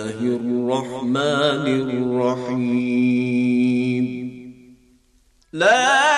الله الرحمن الرحيم لا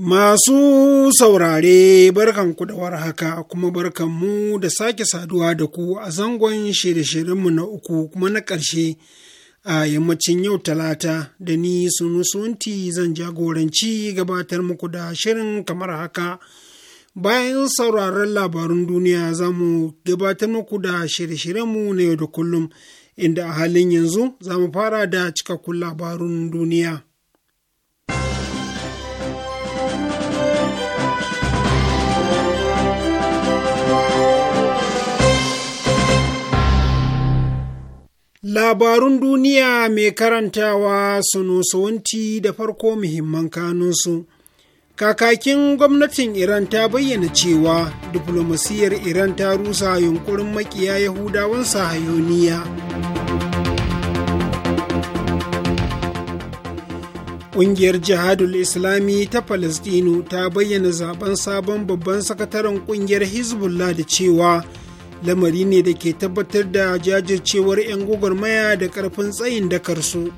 Masu saurare barkanku da warhaka kuma barkanmu da sake saduwa da ku a zangon shirye-shiryenmu na uku kuma na ƙarshe a yammacin yau talata da ni sunti zan jagoranci gabatar muku da shirin kamar haka. Bayan sauraron labarun duniya za mu gabatar muku da shirye-shiryenmu na yau da kullum inda a halin yanzu za mu fara da cikakkun labarun duniya. Labarun duniya mai karantawa sunusuwanti da farko muhimman kanunsu. Kakakin gwamnatin Iran ta bayyana cewa diflomasiyar Iran ta rusa yunkurin makiya Yahudawan sahayoniya. Ƙungiyar Jihadul Islami ta Falasɗinu ta bayyana zaben sabon babban sakataren ƙungiyar Hezbollah da cewa lamari ne da ke tabbatar da jajircewar 'yan gwagwarmaya da ƙarfin tsayin dakarsu.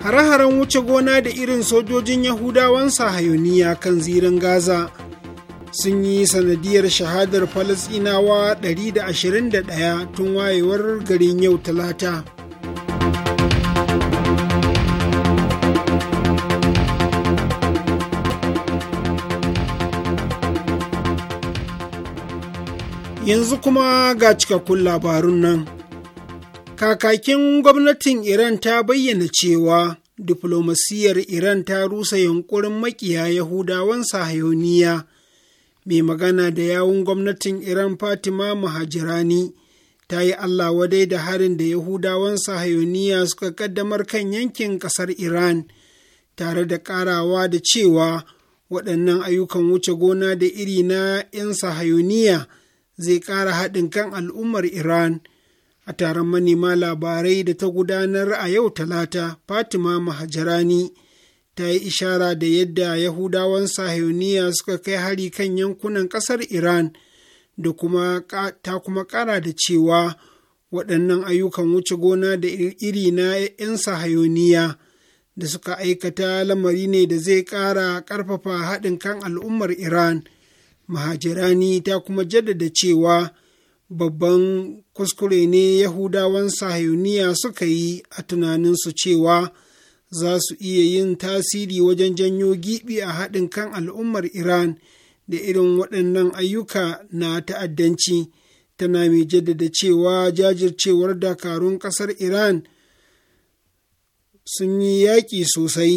Hare-haren wuce gona da irin sojojin Yahudawan sahayoniya kan zirin Gaza sun yi sanadiyar shahadar Falasɗinawa 121 tun wayewar garin yau Talata. Yanzu kuma ga cikakkun labarun nan. Kakakin gwamnatin Iran ta bayyana cewa diflomasiyar Iran ta rusa yunkurin makiya Yahudawan sahayoniya. Mai magana da yawun gwamnatin Iran Fatima Mahajirani ta yi Allah wadai da harin da Yahudawan sahayoniya suka kaddamar kan yankin kasar Iran, tare da karawa da cewa waɗannan ayyukan wuce gona da iri na ‘yan sahayoniya. zai ƙara haɗin kan al'ummar Iran. A taron manema labarai da ta gudanar a yau talata, Fatima Mahajarani ta yi ishara da yadda Yahudawan Sahiyoniya suka kai hari kan yankunan ƙasar Iran da kuma ta kuma ƙara da cewa waɗannan ayyukan wuce gona da iri na 'yan Sahiyoniya da suka aikata lamari ne da zai ƙara ƙarfafa haɗin kan al'ummar Iran. mahajirani ta kuma jaddada cewa babban kuskure ne yahudawan sahayuniya suka yi a tunaninsu cewa za su iya yin tasiri wajen janyo giɓi a haɗin kan al'ummar iran da irin waɗannan ayyuka na ta'addanci tana mai jaddada cewa jajircewar dakarun ƙasar iran sun yi yaƙi sosai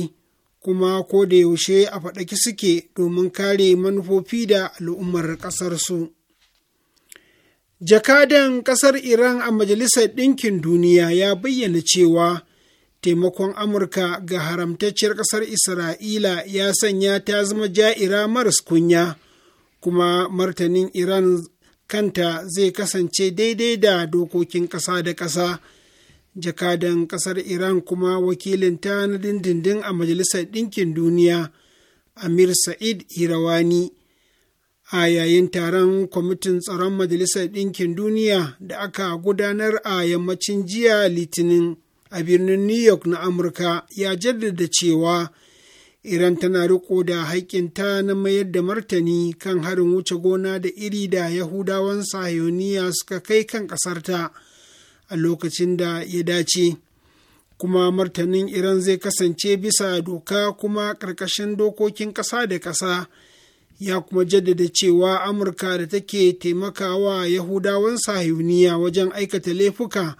kuma ko da yaushe a faɗaki suke domin kare manufofi da al'ummar ƙasarsu. Jakadan ƙasar Iran a Majalisar Ɗinkin Duniya ya bayyana cewa taimakon Amurka ga haramtacciyar ƙasar Isra'ila ya sanya ta zama ja'ira maras kunya, kuma martanin Iran kanta zai kasance daidai da dokokin ƙasa da ƙasa. jakadan kasar iran kuma wakilinta na dindindin a majalisar ɗinkin duniya amir sa'id irawani a yayin taron kwamitin tsaron majalisar ɗinkin duniya da aka gudanar a yammacin jiya litinin a birnin new york na amurka ya jaddada cewa iran tana riko da haƙƙinta na mayar da martani kan harin wuce gona da iri da yahudawan sahiyoniya suka kai kan ƙasarta. a lokacin da ya dace kuma martanin iran zai kasance bisa doka kuma ƙarƙashin dokokin ƙasa da ƙasa ya kuma jaddada cewa amurka da take taimakawa yahudawan sahiyuniya wajen aikata laifuka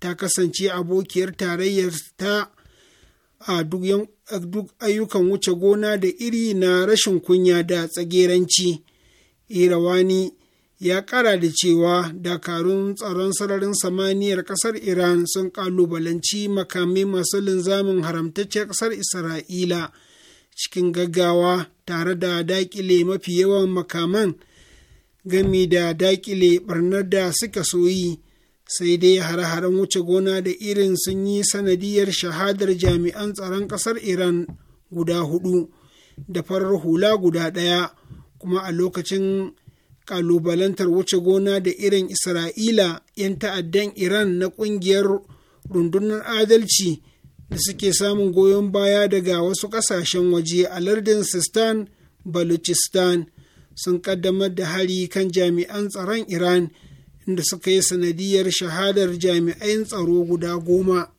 ta kasance abokiyar tarayyar ta a duk ayyukan wuce gona da iri na rashin kunya da tsageranci irawani ya kara da cewa dakarun tsaron sararin samaniyar kasar iran sun kalubalanci makamai masu linzamin haramtacciyar kasar isra'ila cikin gaggawa tare da dakile mafi yawan makaman gami da dakile barnar da suka soyi sai dai hare-haren wuce gona da irin sun yi sanadiyar shahadar jami'an tsaron kasar iran guda hudu da farar hula guda ɗaya kuma a lokacin kalubalantar wuce gona da irin isra'ila 'yan ta'addan iran na ƙungiyar rundunar adalci da suke samun goyon baya daga wasu ƙasashen waje a lardin sistan baluchistan sun ƙaddamar da hari kan jami'an tsaron iran inda suka yi sanadiyar shahadar jami'an tsaro guda goma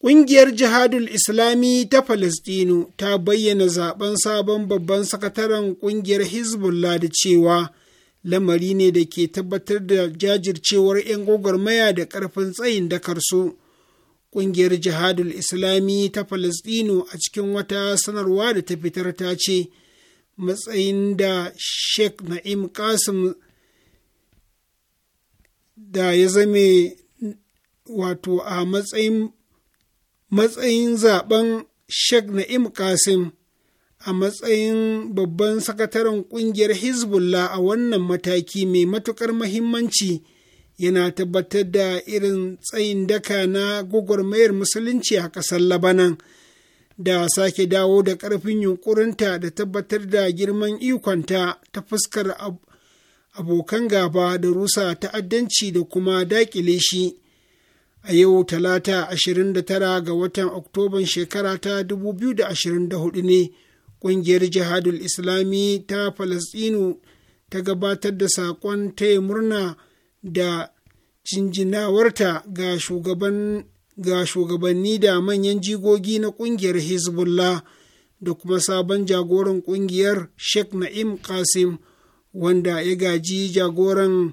Ƙungiyar Jihadul Islami ta Falasɗinu ta bayyana zaben sabon babban sakataren ƙungiyar Hezbollah da cewa lamari ne da ke tabbatar da jajircewar 'yan gwagwarmaya da ƙarfin tsayin dakarsu. Ƙungiyar Jihadul Islami ta Falasɗinu a cikin wata sanarwa da ta fitar ta ce, matsayin da Sheikh Na'im Qasim da ya zame wato a matsayin matsayin zaben Sheikh Na'im Qasim a matsayin babban sakataren ƙungiyar Hezbollah a wannan mataki mai matuƙar mahimmanci yana tabbatar da irin tsayin daka na gwagwarmayar musulunci a ƙasar Labanan da sake dawo da ƙarfin yunƙurinta da tabbatar da girman ikonta ta fuskar abokan gaba da rusa ta'addanci da kuma daƙile shi. a yau talata 29 ga watan oktoban shekara ta 2024 ne ƙungiyar jihadul islami ta falasɗinu ta gabatar da saƙon taya murna da jinjinawarta ga shugaban ga shugabanni da manyan jigogi na ƙungiyar hezbollah da kuma sabon jagoran ƙungiyar sheikh na'im qasim wanda ya gaji jagoran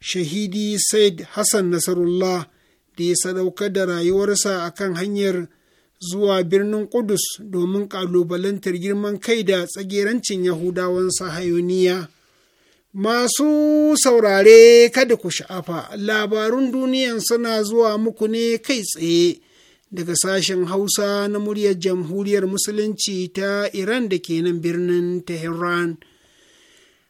shahidi said hassan nasarullah da ya sadaukar da rayuwarsa a kan hanyar zuwa birnin Kudus domin ƙalubalantar girman kai da tsagerancin Yahudawan sahayoniya. Masu saurare kada ku sha'afa, labarun duniyan suna zuwa muku ne kai tsaye daga sashen Hausa na muryar Jamhuriyar Musulunci ta Iran da ke nan birnin Tehran.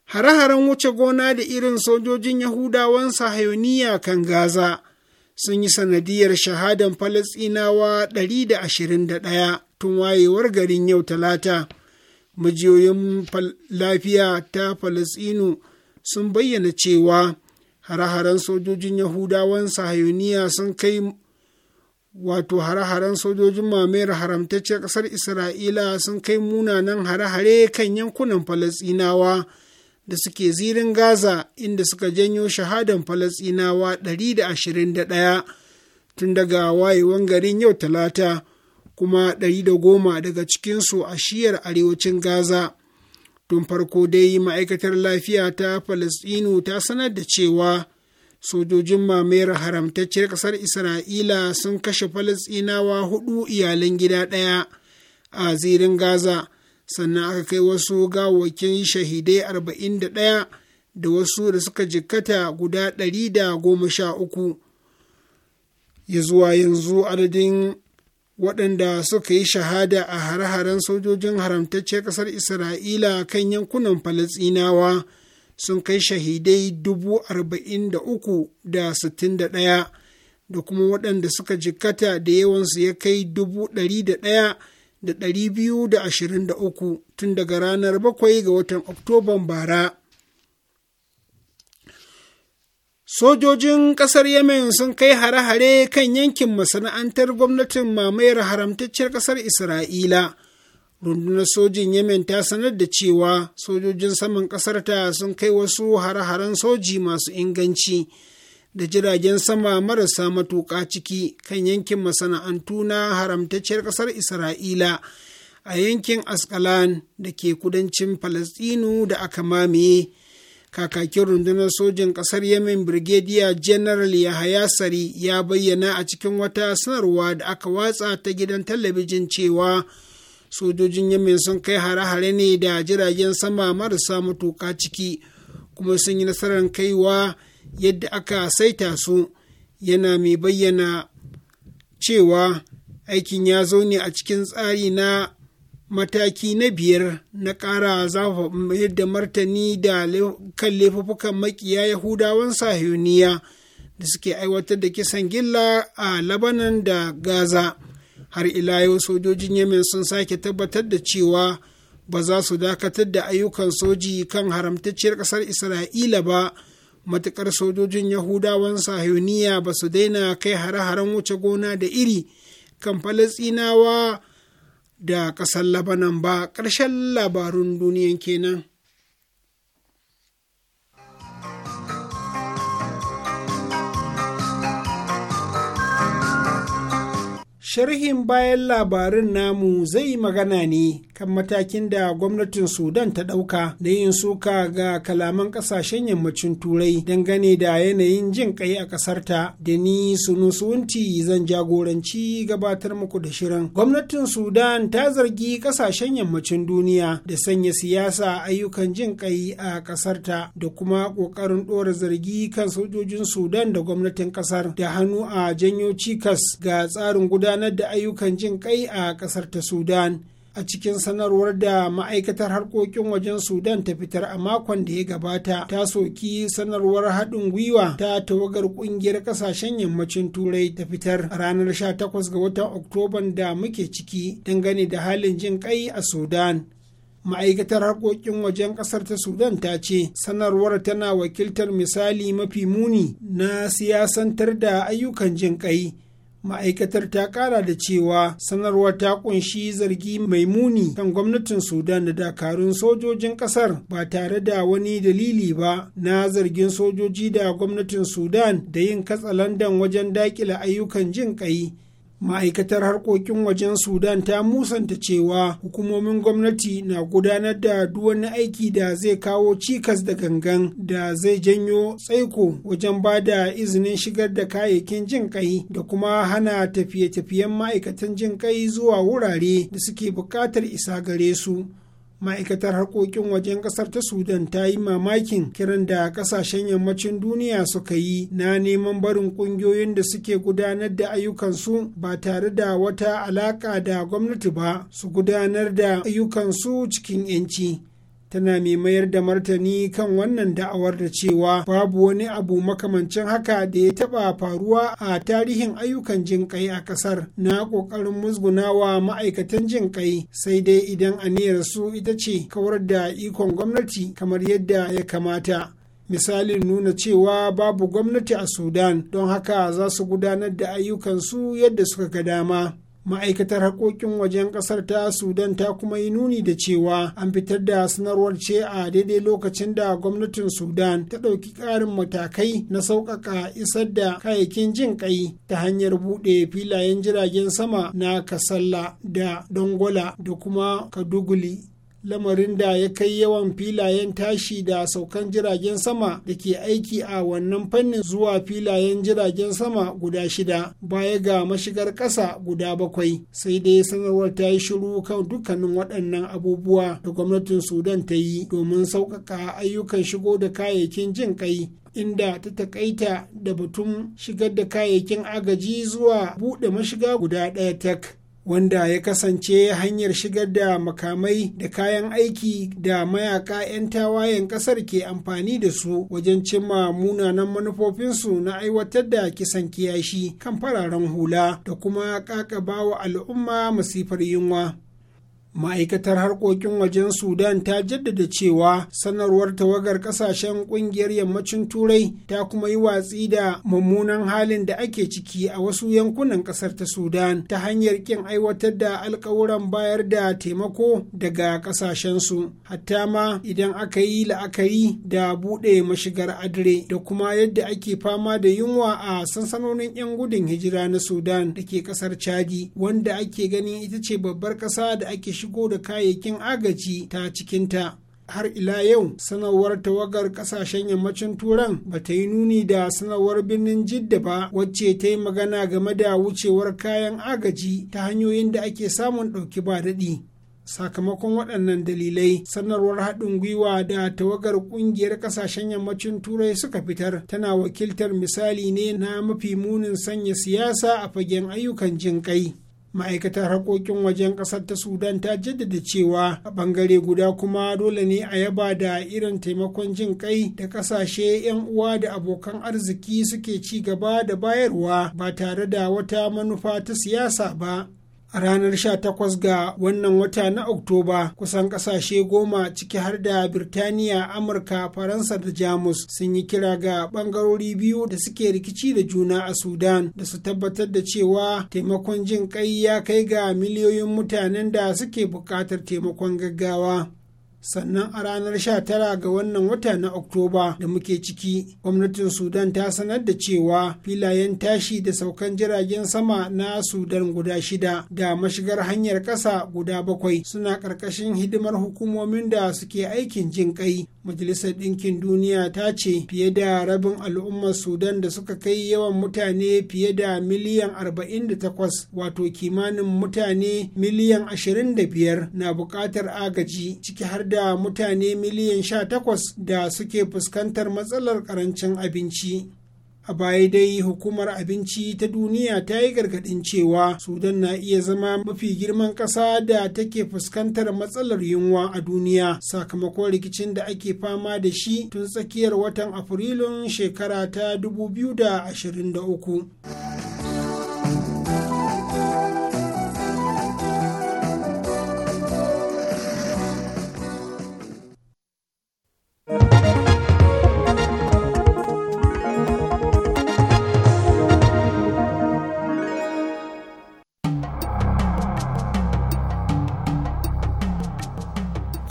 Hare-haren wuce gona da irin sojojin Yahudawan sahayoniya kan Gaza. sun yi sanadiyar shahadan falasinawa 121 tun wayewar garin yau talata majiyoyin lafiya ta falasinu sun bayyana cewa hare-haren sojojin yahudawan sahayoniya sun kai wato hare-haren sojojin mamayar haramtacciyar ƙasar isra'ila sun kai munanan hare-hare kan yankunan falasinawa da suke zirin Gaza inda suka janyo shahadan Falasɗinawa 121 tun daga wayewan garin yau talata kuma 110 daga cikinsu a shiyar arewacin Gaza. Tun farko dai ma'aikatar lafiya ta Falasinu ta sanar da cewa sojojin mamayar haramtacciyar ƙasar Isra'ila sun kashe Falasinawa hudu iyalan gida ɗaya a zirin Gaza. sannan aka kai wasu gawakin shahidai arba'in da ɗaya da wasu da suka jikkata guda ɗari da goma sha uku ya zuwa yanzu adadin waɗanda suka yi shahada a har haren sojojin haramtacce ƙasar isra'ila kan yankunan falasinawa sun kai shahidai dubu arba'in da uku da sittin da ɗaya da kuma waɗanda suka jikkata da yawansu ya kai dubu ɗari da ɗaya da ɗari biyu da ashirin da uku tun daga ranar bakwai ga watan Oktoban bara. Sojojin ƙasar Yemen sun kai hare-hare kan yankin masana'antar gwamnatin mamayar haramtacciyar ƙasar Isra'ila. Rundunar sojin Yemen ta sanar da cewa sojojin saman ƙasar ta sun kai wasu hare-haren soji masu inganci. da jiragen sama marasa matuƙa ciki kan yankin masana'antu na haramtacciyar ƙasar Isra'ila a yankin Askalan da ke kudancin Falasɗinu da aka mamaye. Kakakin rundunar sojin ƙasar Yemen Brigadier General Yahaya Sari ya bayyana a cikin wata sanarwa da aka watsa ta gidan talabijin cewa sojojin Yemen sun kai hare-hare ne da jiragen sama marasa matuƙa ciki kuma sun yi nasarar kaiwa. yadda aka saita su yana mai bayyana cewa aikin ya zo ne a cikin tsari na mataki na biyar na ƙara zafafa da martani da kan laifukan makiya yahudawan sahiyoniya da suke aiwatar da kisan gilla a labanan da gaza har ila yau sojojin yemen sun sake tabbatar da cewa ba za su dakatar da ayyukan soji kan haramtacciyar ƙasar isra'ila ba matuƙar sojojin yahudawan sahiyoniya ba su daina kai hare-haren wuce gona da iri kan falasinawa da ƙasar labanan ba ƙarshen labarun duniyan kenan. sharhin bayan labarin namu zai magana ne kan matakin da gwamnatin sudan ta ɗauka na yin suka ga kalaman ƙasashen yammacin turai dangane da yanayin jin ƙai a ƙasarta da ni sunusunti zan jagoranci gabatar muku da shirin gwamnatin sudan ta zargi ƙasashen yammacin duniya da sanya siyasa ayyukan jin ƙai a ƙasarta da kuma ƙoƙarin ɗora zargi kan sojojin sudan da gwamnatin ƙasar da hannu a janyo cikas ga tsarin gudanar da ayyukan jin ƙai a ƙasar ta sudan a cikin sanarwar da ma'aikatar harkokin wajen sudan ta fitar a makon da ya gabata ta soki sanarwar haɗin gwiwa ta tawagar ƙungiyar ƙasashen yammacin turai ta fitar a ranar 18 ga watan oktoban da muke ciki dangane da halin jin a sudan ma'aikatar harkokin wajen ƙasar ta sudan ta ce sanarwar tana wakiltar misali mafi muni na siyasantar da ayyukan jin ma'aikatar ta kara da cewa sanarwar ta kunshi zargi mai muni kan gwamnatin sudan da dakarun sojojin kasar ba tare da wani dalili ba na zargin sojoji da gwamnatin sudan da yin katsalandan wajen dakila ayyukan jin ƙai ma'aikatar harkokin wajen sudan ta musanta cewa hukumomin gwamnati na gudanar da wani aiki da zai kawo cikas da gangan da zai janyo tsaiko wajen ba da izinin shigar da kayayyakin jin kai da kuma hana tafiye-tafiyen ma'aikatan jin kai zuwa wurare da suke buƙatar isa gare su ma'aikatar harkokin wajen kasar ta sudan ta yi mamakin kiran da kasashen yammacin duniya suka yi na neman barin kungiyoyin da suke gudanar da ayyukansu ba tare da wata alaka da gwamnati ba su gudanar da ayyukansu cikin 'yanci tana mai mayar da martani kan wannan da'awar da cewa babu wani abu makamancin haka da ya taɓa faruwa a tarihin ayyukan jin kai a ƙasar na ƙoƙarin musgunawa ma'aikatan jin kai sai dai idan aniyar su ita ce kawar da ikon gwamnati kamar yadda ya kamata misalin nuna cewa babu gwamnati a sudan don haka za su gudanar da ayyukansu yadda suka ga dama ma'aikatar haƙoƙin wajen ƙasar ta sudan ta kuma yi nuni da cewa an fitar da sanarwar ce a daidai lokacin da gwamnatin sudan ta ɗauki ƙarin matakai na sauƙaƙa isar da kayayyakin jin ƙai ta hanyar buɗe filayen jiragen sama na kasalla da dongola da kuma kaduguli lamarin da ya kai yawan filayen tashi da saukan jiragen sama da ke aiki a wannan fannin zuwa filayen jiragen sama guda shida baya ga mashigar ƙasa guda bakwai sai dai sanarwar ta yi shiru kan dukkanin waɗannan abubuwa da gwamnatin sudan ta yi domin sauƙaƙa ayyukan shigo da kayayyakin jin kai inda ta takaita da batun shigar da kayayyakin agaji zuwa buɗe mashiga guda ɗaya tak wanda ya kasance hanyar shigar da makamai da kayan aiki da mayaka 'yan tawayen kasar ke amfani da su wajen cimma munanan manufofinsu na aiwatar da kisan kiyashi kan fararen hula da kuma kakaba bawa al'umma masifar yunwa ma'aikatar harkokin wajen sudan ta jaddada cewa sanarwar tawagar kasashen kungiyar yammacin turai ta kuma yi watsi da mummunan halin da ake ciki a wasu yankunan kasar ta sudan ta hanyar kin aiwatar da alkawuran bayar da taimako daga kasashensu hatta ma idan aka yi la'akari da buɗe mashigar adire da kuma yadda ake fama da yunwa a sansanonin 'yan gudun hijira na sudan da ke kasar chadi wanda ake ganin ita ce babbar ƙasa da ake shigo da kayayyakin agaji ta cikinta har ila yau sanarwar tawagar kasashen yammacin turan ba ta yi nuni da sanarwar birnin jidda ba wacce ta yi magana game da wucewar kayan agaji ta hanyoyin da ake samun ɗauki ba daɗi sakamakon waɗannan dalilai sanarwar haɗin gwiwa da tawagar ƙungiyar ƙasashen yammacin turai suka fitar tana wakiltar misali ne na mafi munin sanya siyasa a fagen ayyukan jin ƙai ma'aikatar harkokin wajen ƙasar ta sudan ta jaddada cewa a ɓangare guda kuma dole ne a yaba da irin taimakon jin kai da ƙasashe 'yan uwa da abokan arziki suke ci gaba da bayarwa ba tare da wata manufa ta siyasa ba a ranar 18 ga wannan wata na oktoba kusan kasashe goma ciki har da birtaniya amurka faransa da jamus sun yi kira ga bangarori biyu da suke rikici da juna a sudan da su tabbatar da cewa taimakon jin kai ya kai ga miliyoyin mutanen da suke buƙatar taimakon gaggawa sannan a ranar 19 ga wannan wata na oktoba da muke ciki gwamnatin sudan ta sanar da cewa filayen tashi da saukan jiragen sama na sudan guda shida da mashigar hanyar ƙasa guda bakwai suna ƙarƙashin hidimar hukumomin da suke aikin jin ƙai majalisar ɗinkin duniya ta ce fiye da rabin al'ummar sudan da suka kai yawan mutane fiye da miliyan 48 wato kimanin mutane miliyan 25 na buƙatar agaji ciki har da mutane miliyan 18 da suke fuskantar matsalar ƙarancin abinci a baya dai hukumar abinci ta duniya ta yi gargaɗin cewa sudan na iya zama mafi girman ƙasa da take fuskantar matsalar yunwa a duniya sakamakon rikicin da ake fama da shi tun tsakiyar watan afrilun shekara ta 2023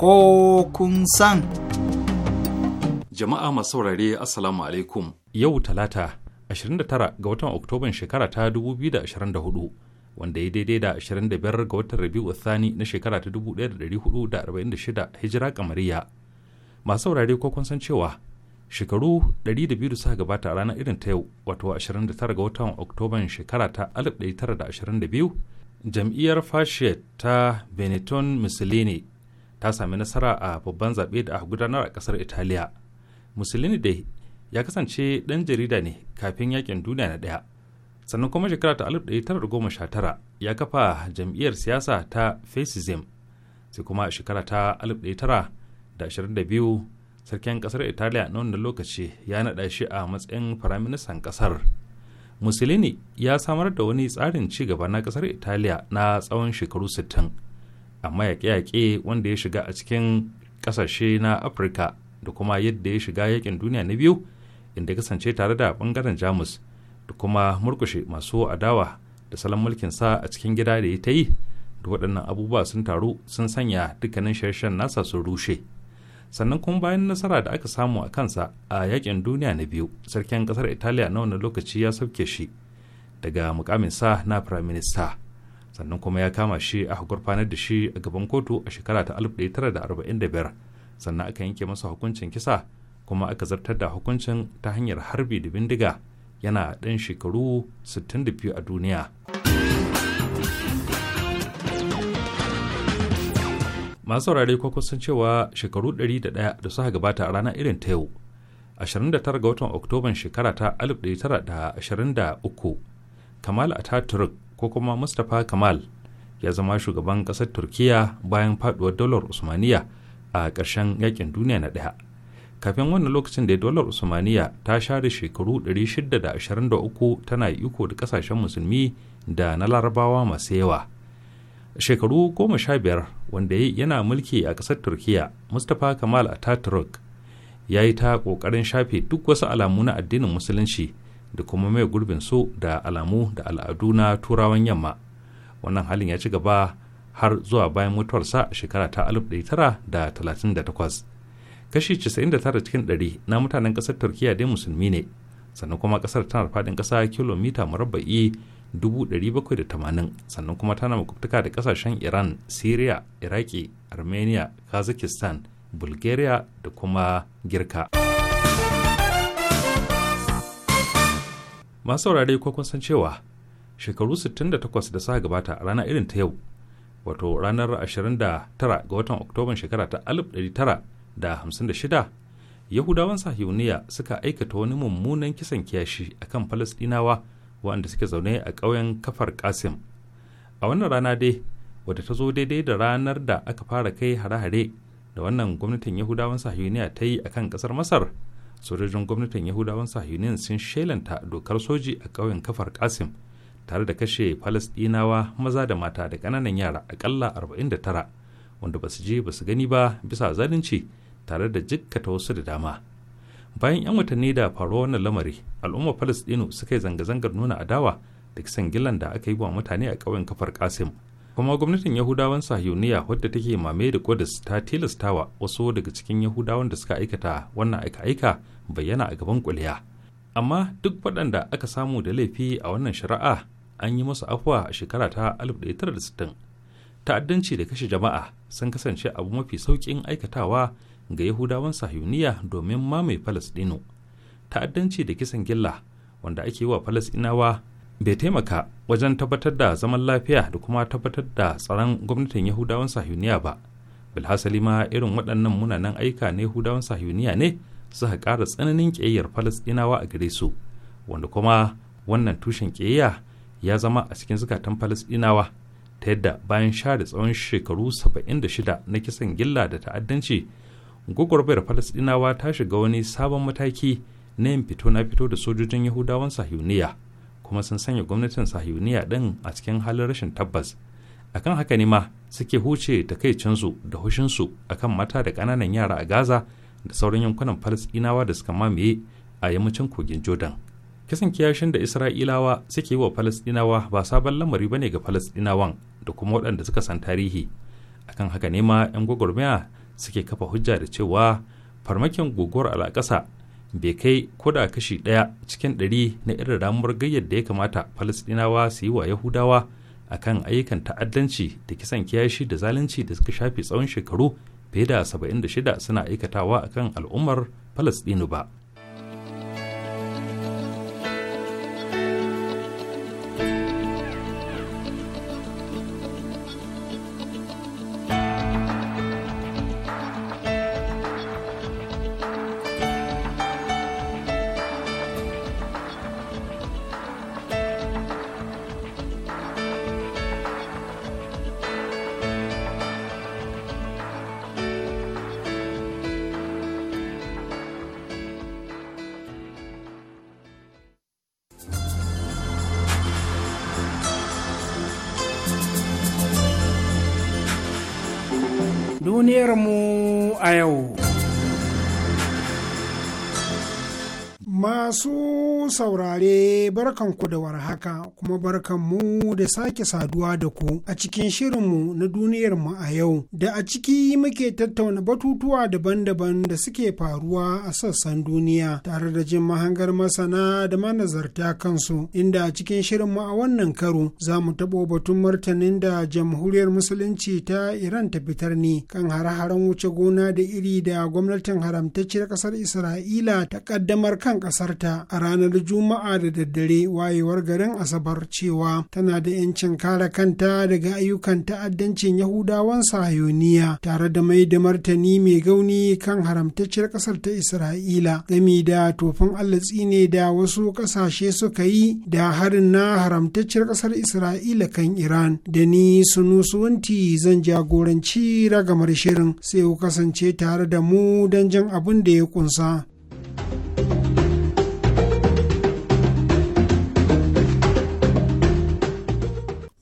ko kun san. Jama'a masu saurare Assalamu alaikum. Yau Talata, 29 ga watan Oktoban shekara ta 2024, wanda ya daidai da 25 ga watan Rabiu Thani na shekara ta 1446 Hijira kamariya. Masu saurare ko kun san cewa shekaru 200 da suka gabata a ranar irin ta yau, wato 29 ga watan Oktoban shekara ta 1922, jam'iyyar fashe ta Benetton Mussolini ta sami nasara a babban zaɓe da aka gudanar a ƙasar italiya musulini dai ya kasance ɗan jarida ne kafin yakin duniya na ɗaya sannan kuma shekara ta 1919 ya kafa jam'iyyar siyasa ta fascism sai kuma a shekara ta 1922 sarkin ƙasar italiya na wannan lokaci ya naɗa shi a matsayin firaministan ƙasar. musulini ya samar da wani tsarin ci gaba na ƙasar italiya na tsawon shekaru sittin. amma yaƙe-yaƙe wanda ya shiga a cikin ƙasashe na afirka da kuma yadda ya shiga yaƙin duniya na biyu inda kasance tare da ɓangaren jamus da kuma murkushe masu adawa da salon mulkin sa a cikin gida da ya ta yi da waɗannan abubuwa sun taru sun sanya dukkanin sharshen nasa sun rushe sannan kuma bayan nasara da aka samu a kansa a yaƙin duniya na biyu sarkin ƙasar italiya na wannan lokaci ya sauke shi daga mukamin sa na firaminista sannan kuma ya kama shi aka gurfanar da shi a gaban kotu a shekara ta 1945 sannan aka yanke masa hukuncin kisa kuma aka zartar da hukuncin ta hanyar harbi da bindiga yana ɗan shekaru 62 a duniya. masu saurare ko kusan cewa shekaru 101 da suka gabata a rana irin ta yau 29 ga watan oktoban shekara ta 1923 kamal ataturk ko kuma mustapha kamal ya zama shugaban ƙasar turkiyya bayan faduwar dolar usmaniya a ƙarshen yakin duniya na ɗaya kafin wannan lokacin da dolar usmaniya ta share shekaru 623 tana iko da ƙasashen musulmi da na larabawa masu yawa shekaru goma sha biyar wanda yana mulki a ƙasar turkiyya mustapha kamal ataturk ya yi ta ƙoƙarin shafe duk wasu alamu na addinin musulunci da kuma mai gurbin su da alamu da al'adu na turawan yamma wannan halin ya ci gaba har zuwa bayan mutuwarsa shekara ta 1938 kashi 99 cikin 100 na mutanen ƙasar turkiya dai musulmi ne sannan kuma ƙasar tana faɗin ƙasa kilomita murabba'i 780 sannan kuma tana makwabtaka da ƙasashen iran syria iraki armenia kazakhstan bulgaria da kuma girka. masu saurare ko kun san cewa shekaru 68 da suka gabata a rana irin ta yau wato ranar 29 ga watan oktoban shekara ta 1956 yahudawan sahiyuniya suka aikata wani mummunan kisan kiyashi akan falasdinawa waɗanda suke zaune a ƙauyen kafar kasim a wannan rana dai wadda ta zo daidai da ranar da aka fara kai hare-hare da wannan gwamnatin yahudawan sahiyuniya ta yi akan ƙasar masar sojojin gwamnatin yahudawan sahiyunin sun shelanta dokar soji a ƙauyen kafar kasim tare da kashe falasɗinawa maza da mata da ƙananan yara aƙalla 49 wanda ba su je ba su gani ba bisa zalunci tare da jikkata wasu da dama bayan 'yan watanni da faruwa wannan lamari al'ummar falasɗinu suka yi zanga-zangar nuna adawa da kisan gillan da aka yi wa mutane a ƙauyen kafar kasim kuma gwamnatin yahudawan sahiyoniya wadda take mame da kudus ta tilastawa wasu daga cikin yahudawan da suka aikata wannan aika-aika bayyana a gaban kuliya amma duk waɗanda aka samu da laifi a wannan shari'a an yi musu afuwa a shekara ta 1960 ta'addanci da kashe jama'a sun kasance abu mafi saukin aikatawa ga yahudawan sahiyoniya domin mamaye falasɗinu ta'addanci da kisan gilla wanda ake yi wa falasɗinawa bai taimaka wajen tabbatar da zaman lafiya da kuma tabbatar da tsaron gwamnatin yahudawan sahiyuniya ba bilhassali ma irin waɗannan munanan aika na yahudawan sahiyuniya ne suka ƙara tsananin ƙiyayyar falasɗinawa a gare su wanda kuma wannan tushen ƙiyayya ya zama a cikin zukatan falastinawa ta yadda bayan share tsawon shekaru saba'in da shida na kisan gilla da ta'addanci gwagwarmayar falasɗinawa ta shiga wani sabon mataki na yin fito na fito da sojojin yahudawan sahiyuniya kuma sun sanya gwamnatin sahiyuniya din a cikin halin rashin tabbas akan haka ne ma suke huce takaicinsu da hushinsu akan mata da kananan yara a gaza da sauran yankunan falasɗinawa da suka mamaye a yammacin kogin jordan kisan kiyashin da isra'ilawa suke yi wa falasɗinawa ba sabon lamari ba ne ga falasɗinawan da kuma waɗanda suka san tarihi akan haka ne ma 'yan gwagwarmaya suke kafa hujja da cewa farmakin guguwar alaƙasa. bai kai koda kashi ɗaya cikin ɗari na irin ramuwar gayyar da ya kamata falasɗinawa su yi wa yahudawa a kan ayyukan ta'addanci da kisan kiyashi da zalunci da suka shafi tsawon shekaru fiye da 76 suna aikatawa a kan al'ummar falasɗinu ba duniyarmu a yau. Masu saurare barkanku da warhaka kuma barkanmu da sake saduwa da ku a cikin shirinmu na duniyarmu a yau da a ciki muke tattauna batutuwa daban-daban da suke faruwa a sassan duniya tare da jin mahangar masana da manazarta kansu inda a cikin shirinmu a wannan karo za mu taɓo batun martanin da jamhuriyar musulunci ta Iran ta fitar ne kan hare-haren wuce gona da iri da gwamnatin haramtacciyar ƙasar Isra'ila ta ƙaddamar kan ƙasarta a ranar Juma'a da daddare wayewar garin Asabar cewa tana da 'yancin kare kanta daga ayyukan ta'addancin Yahudawan Sahayoniya tare da mai da martani mai gauni kan haramtacciyar ƙasar ta Isra'ila gami da tofin allatsi ne da wasu kasashe suka yi da harin na haramtacciyar ƙasar Isra'ila kan Iran da ni sunusuwanti zan jagoranci ragamar shirin sai ku kasance tare da mu don jin abin da ya kunsa.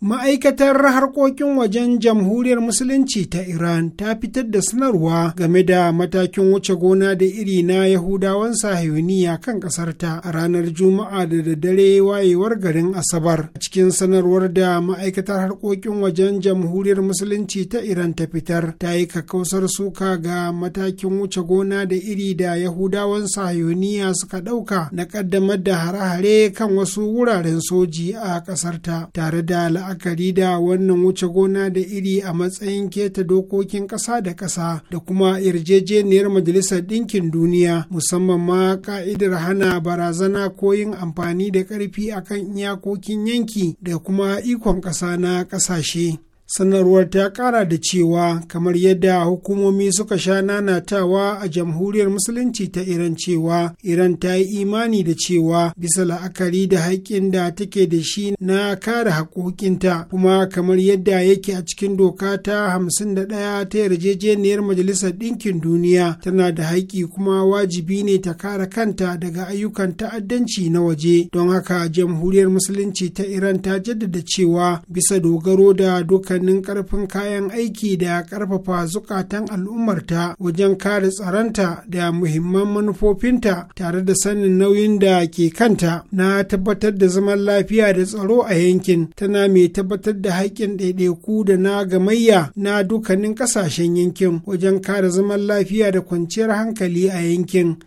Ma'aikatar harkokin wajen jamhuriyar Musulunci ta Iran ta fitar da sanarwa game da matakin wuce gona da iri na Yahudawan sahiyoniya kan ƙasarta a ranar Juma'a da daddare wayewar garin Asabar. A cikin sanarwar da ma'aikatar harkokin wajen jamhuriyar Musulunci ta Iran ta fitar ta yi kakkausar suka ga matakin wuce gona da iri da Yahudawan sahiyoniya suka ɗauka na ƙaddamar da hare-hare kan wasu wuraren soji a ƙasarta tare da la'akari la'akari da wannan wuce gona da iri a matsayin keta dokokin ƙasa da ƙasa da kuma yarjejeniyar majalisar ɗinkin duniya musamman ma ka'idar hana barazana ko yin amfani da ƙarfi akan iyakokin yanki da kuma ikon ƙasa na ƙasashe. sanarwar ta kara da cewa kamar yadda hukumomi suka sha nanatawa a jamhuriyar musulunci ta iran cewa iran ta yi imani da cewa bisa la'akari da haƙƙin da take da shi na kare haƙoƙinta kuma kamar yadda yake a cikin doka ta 51 ta yarjejeniyar majalisar ɗinkin duniya tana da haƙƙi kuma wajibi ne ta kare kanta daga ayyukan ta'addanci na waje don haka jamhuriyar musulunci ta iran ta jaddada cewa bisa dogaro da dokar dukkanin karfin kayan aiki da karfafa zukatan al'ummarta wajen kare tsaronta da muhimman manufofinta tare da sanin nauyin da ke kanta na tabbatar da zaman lafiya da tsaro a yankin tana mai tabbatar da haƙƙin ɗaiɗaiku da na gamayya na dukkanin ƙasashen yankin wajen kare zaman lafiya da kwanciyar hankali a yankin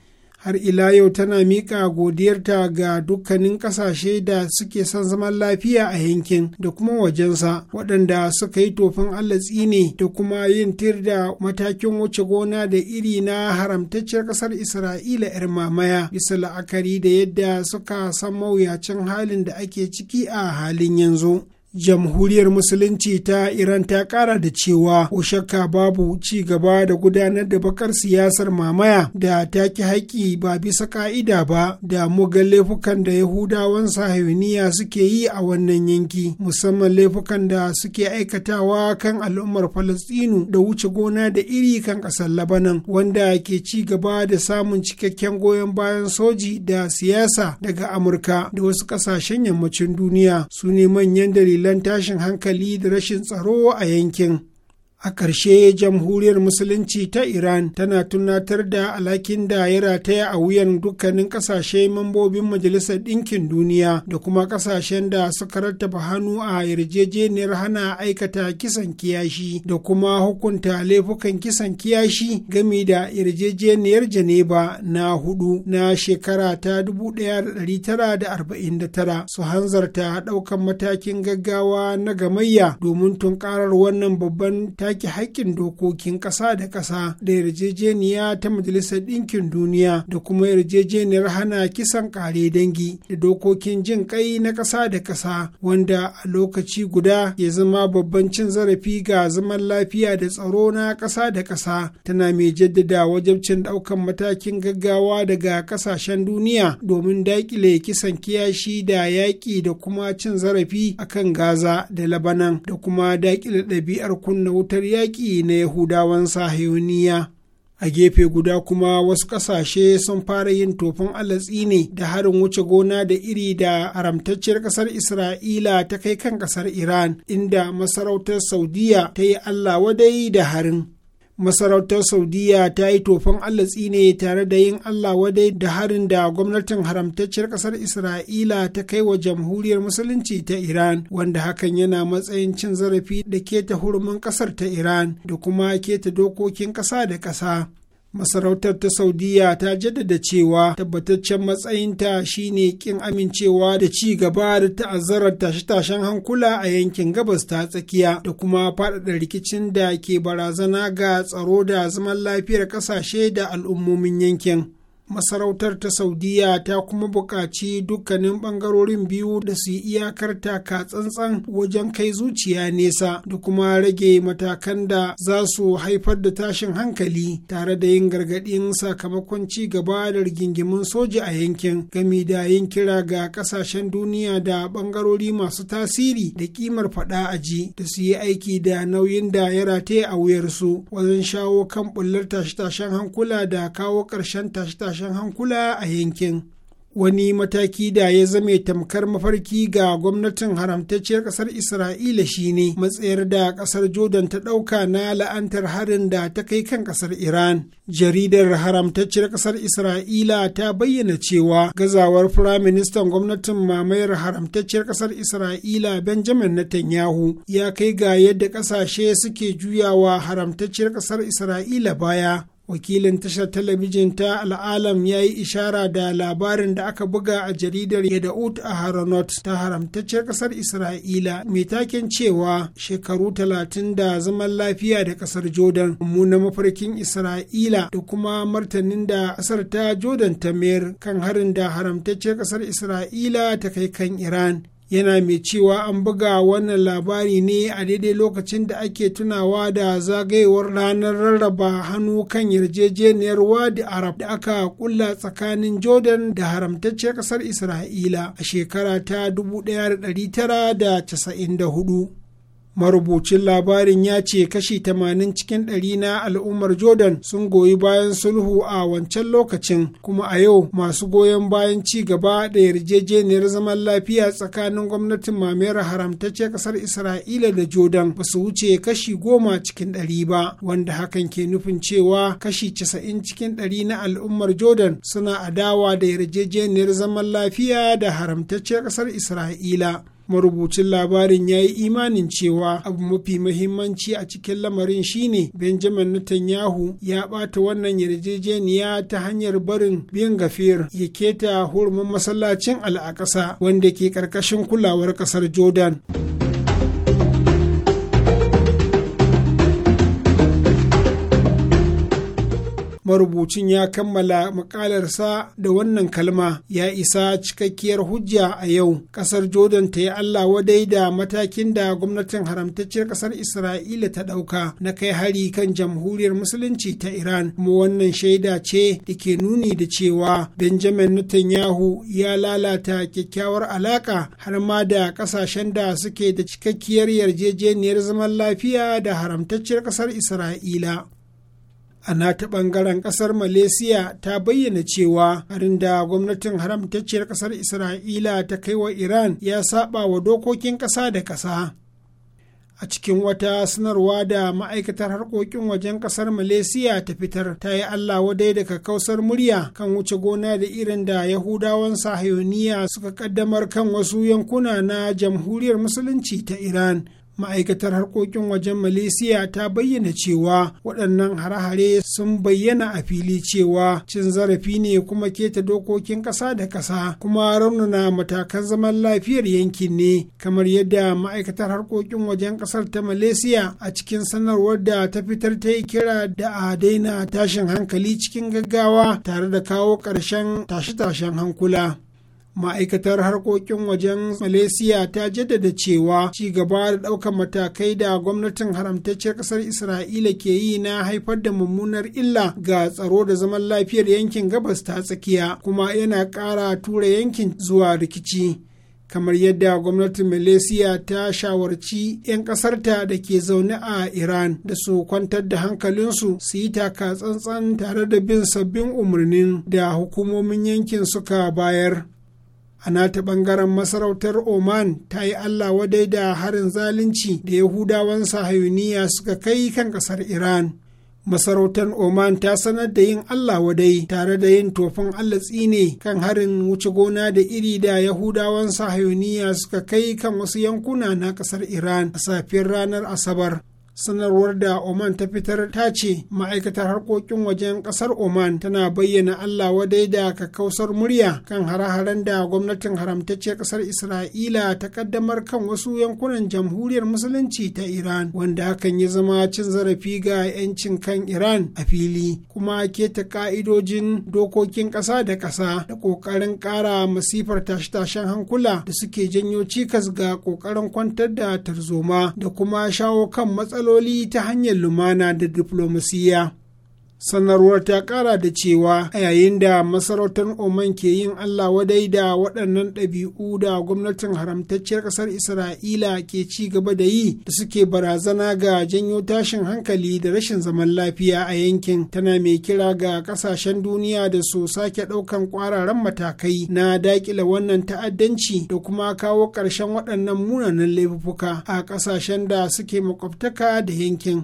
har ila yau tana miƙa godiyarta ga dukkanin ƙasashe da suke son zaman lafiya a yankin da kuma wajensa waɗanda suka yi tofin allah tsini da kuma yin tir da matakin wuce gona da iri na haramtacciyar ƙasar isra'ila 'yar mamaya bisa la'akari da yadda suka san mawuyacin halin da ake ciki a halin yanzu jamhuriyar musulunci ta iran ta kara da cewa ko shakka babu ci gaba da gudanar da bakar siyasar mamaya da ta ki haƙƙi ba bisa ka'ida ba da mugan laifukan da yahudawan sahiyoniya suke yi a wannan yanki musamman laifukan da suke aikatawa kan al'ummar falastinu da wuce gona da iri kan ƙasar labanan wanda ke ci gaba da samun cikakken goyon bayan soji da siyasa daga amurka da wasu ƙasashen yammacin duniya su ne manyan dalilai dalilan tashin hankali da rashin tsaro a yankin. A ƙarshe jamhuriyar Musulunci ta Iran tana tunatar da alhakin da ya rataya a wuyan dukkanin ƙasashe mambobin Majalisar Ɗinkin Duniya da kuma ƙasashen da suka rattaba hannu a yarjejeniyar hana aikata kisan kiyashi da kuma hukunta laifukan kisan kiyashi gami da yarjejeniyar Janeba na hudu na shekara ta 1949 su hanzarta ɗaukan matakin gaggawa na gamayya domin tunkarar wannan babban take haƙƙin dokokin ƙasa da ƙasa da yarjejeniya ta majalisar ɗinkin duniya da kuma yarjejeniyar hana kisan ƙare dangi da dokokin jin ƙai na ƙasa da ƙasa wanda a lokaci guda ya zama babban cin zarafi ga zaman lafiya da tsaro na ƙasa da ƙasa tana mai jaddada wajabcin ɗaukan matakin gaggawa daga ƙasashen duniya domin daƙile kisan kiyashi da yaƙi da kuma cin zarafi akan Gaza da Labanan da kuma daƙile ɗabi'ar kunna wutar rundunar yaƙi na yahudawan sahiyoniya a gefe guda kuma wasu ƙasashe sun fara yin tofin alatsi ne da harin wuce gona da iri da haramtacciyar ƙasar isra'ila ta kai kan ƙasar iran inda masarautar saudiya ta yi allah wadai da harin masarautar saudiya ta yi tofan allah tsine tare da yin allah wadai da harin da gwamnatin haramtacciyar kasar isra'ila ta kai wa jamhuriyar musulunci ta iran wanda hakan yana matsayin cin zarafi da keta hurumin kasar ta iran da kuma keta dokokin kasa da kasa masarautar ta saudiya ta jaddada cewa tabbataccen matsayinta shine kin amincewa da ci gaba da ta'azzarar tashe-tashen hankula a yankin gabas ta tsakiya da kuma faɗaɗa rikicin da ke barazana ga tsaro da zaman lafiyar ƙasashe da al'ummomin yankin masarautar ta saudiya ta kuma buƙaci dukkanin ɓangarorin biyu da su yi iyakar ka tsantsan wajen kai zuciya nesa da kuma rage matakan da za su haifar da tashin hankali tare da yin gargaɗin sakamakon ci gaba da rigingimin soja a yankin gami da yin kira ga ƙasashen duniya da ɓangarori masu tasiri da ƙimar faɗa a ji da su yi aiki da nauyin da ya rataye a wuyarsu wajen shawo kan ɓullar tashe-tashen hankula da kawo ƙarshen tashe-tashen tashin hankula a yankin wani mataki da ya zame tamkar mafarki ga gwamnatin haramtacciyar ƙasar isra'ila shine matsayar da ƙasar jordan ta ɗauka na la'antar harin da ta kai kan ƙasar iran jaridar haramtacciyar ƙasar isra'ila ta bayyana cewa gazawar firaministan gwamnatin mamayar haramtacciyar ƙasar isra'ila benjamin netanyahu ya kai ga yadda ƙasashe suke juyawa haramtacciyar ƙasar isra'ila baya wakilin tashar talabijin ta al'alam ya yi ishara da labarin da aka buga a jaridar yadda'ut a haranot ta haramtacce kasar isra'ila mai taken cewa shekaru talatin da zaman lafiya da kasar jordan mummunan mafarkin isra'ila da kuma martanin da kasar ta jordan ta mayar kan harin da haramtacce kasar isra'ila ta kai kan iran yana mai cewa an buga wannan labari ne a daidai lokacin da ake tunawa da zagayewar ranar rarraba hannu kan yarjejeniyar wadi arab da aka kulla tsakanin jordan da haramtacce kasar isra'ila a shekara ta 1994 marubucin labarin ya ce kashi 80 cikin ɗari na al'ummar jordan sun goyi bayan sulhu a wancan lokacin kuma a yau masu goyon bayan ci gaba da yarjejeniyar zaman lafiya tsakanin gwamnatin mamayar haramtacce kasar isra'ila da jordan ba su wuce kashi goma cikin ɗari ba wanda hakan ke nufin cewa kashi 90 cikin ɗari na al'ummar jordan suna adawa da yarjejeniyar zaman lafiya da haramtacce kasar isra'ila marubucin labarin ya yi imanin cewa abu mafi mahimmanci a cikin lamarin shine benjamin netanyahu ya bata wannan yarjejeniya ta hanyar barin bin gafir ya keta hurumin masallacin al'akasa wanda ke karkashin kulawar kasar jordan marubucin ya kammala makalarsa da wannan kalma ya isa cikakkiyar hujja a yau kasar jordan ta yi allah wadai da matakin da gwamnatin haramtacciyar kasar isra'ila ta ɗauka na kai hari kan jamhuriyar musulunci ta iran kuma wannan shaida ce da ke nuni da cewa benjamin netanyahu ya lalata kyakkyawar alaka har ma da kasashen da suke da cikakkiyar yarjejeniyar zaman lafiya da haramtacciyar kasar isra'ila a nata bangaren kasar malaysia ta bayyana cewa harin da gwamnatin haramtacciyar kasar isra'ila ta kai wa iran ya saba wa dokokin kasa da kasa a cikin wata sanarwa da ma'aikatar harkokin wajen kasar malaysia ta fitar ta yi allah wadai daga kausar murya kan wuce gona da irin da yahudawan sahayoniya suka kaddamar kan wasu yankuna na jamhuriyar musulunci ta iran ma'aikatar harkokin wajen malaysia ta bayyana cewa waɗannan hare-hare sun bayyana a fili cewa cin zarafi ne kuma keta dokokin ƙasa da ƙasa kuma raunana matakan zaman lafiyar yankin ne kamar yadda ma'aikatar harkokin wajen ƙasar ta malaysia a cikin sanarwar da ta fitar ta yi kira da a daina tashin hankali cikin gaggawa tare da kawo ƙarshen tashe-tashen hankula. ma'aikatar harkokin wajen malaysia ta jaddada cewa ci gaba da ɗaukar matakai da gwamnatin haramtacciyar ƙasar isra'ila ke yi na haifar da mummunar illa ga tsaro da zaman lafiyar yankin gabas ta tsakiya kuma yana ƙara tura yankin zuwa rikici kamar yadda gwamnatin malaysia ta shawarci 'yan ƙasarta da ke zaune a iran da su kwantar da hankalinsu su yi taka tsantsan tare da bin sabbin umarnin da hukumomin yankin suka bayar a nata bangaren masarautar oman ta yi allah wadai da harin zalunci da yahudawan sahayuniya suka kai kan kasar iran masarautar oman ta sanar da yin allah wadai tare da yin tofin allah tsine kan harin wuce gona da iri da yahudawan sahayuniya suka kai kan wasu yankuna na kasar iran a safiyar ranar asabar sanarwar da oman ta fitar ta ce ma'aikatar harkokin wajen kasar oman tana bayyana allah wadai da kakkausar murya kan hare-haren da gwamnatin haramtacciyar kasar isra'ila ta kaddamar kan wasu yankunan jamhuriyar musulunci ta iran wanda hakan ya zama cin zarafi ga 'yancin kan iran a fili kuma keta ka'idojin dokokin kasa da kasa da ƙoƙarin ƙara masifar tashe-tashen hankula da suke janyo cikas ga ƙoƙarin kwantar da tarzoma da kuma shawo kan matsalar matsaloli ta hanyar lumana da diflomasiyya. sanarwar ta kara da cewa a yayin da masarautar oman ke yin allah wadai da waɗannan ɗabi'u da gwamnatin haramtacciyar ƙasar isra'ila ke ci gaba da yi da suke barazana ga janyo tashin hankali da rashin zaman lafiya a yankin tana mai kira ga ƙasashen duniya da su sake ɗaukan ƙwararan matakai na daƙile wannan ta'addanci da kuma kawo ƙarshen waɗannan munanan laifuka a ƙasashen da suke makwabtaka da yankin